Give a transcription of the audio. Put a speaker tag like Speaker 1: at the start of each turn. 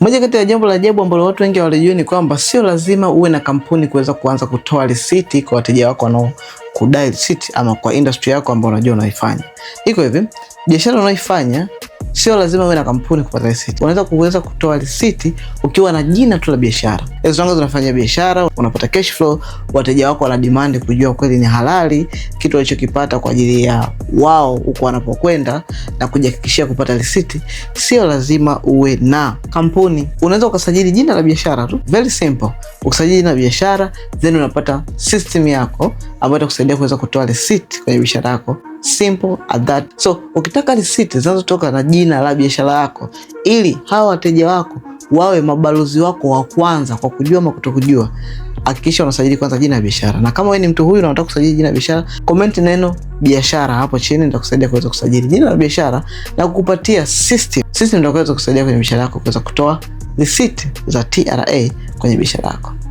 Speaker 1: Moja kati ya jambo la ajabu ambalo watu wengi hawalijui ni kwamba sio lazima uwe na kampuni kuweza kuanza kutoa risiti kwa wateja wako wanaokudai risiti ama kwa industry yako ambayo unajua unaifanya. Iko hivi, biashara unaoifanya sio lazima uwe na kampuni kupata risiti. Unaweza kuweza kutoa risiti ukiwa na jina tu la biashara. As long as unafanya biashara, unapata cash flow, wateja wako wana demand kujua kweli ni halali kitu walichokipata kwa ajili ya wao huko wanapokwenda, na kujihakikishia kupata risiti, sio lazima uwe na kampuni. Unaweza ukasajili jina la biashara tu, very simple, ukasajili jina la biashara then unapata system yako ambayo itakusaidia kuweza kutoa risiti kwenye biashara yako. Simple as that. So ukitaka risiti zinazotoka na jina la biashara yako, ili hawa wateja wako wawe mabalozi wako wa kwanza kwa kujua ama kutokujua, hakikisha unasajili kwanza jina la biashara, na kama wewe ni mtu huyu na unataka kusajili jina la biashara, comment neno biashara hapo chini, nitakusaidia kuweza kusajili jina la biashara na kukupatia system. System ndio kuweza kusaidia kwenye biashara yako kuweza kutoa risiti za TRA kwenye biashara yako.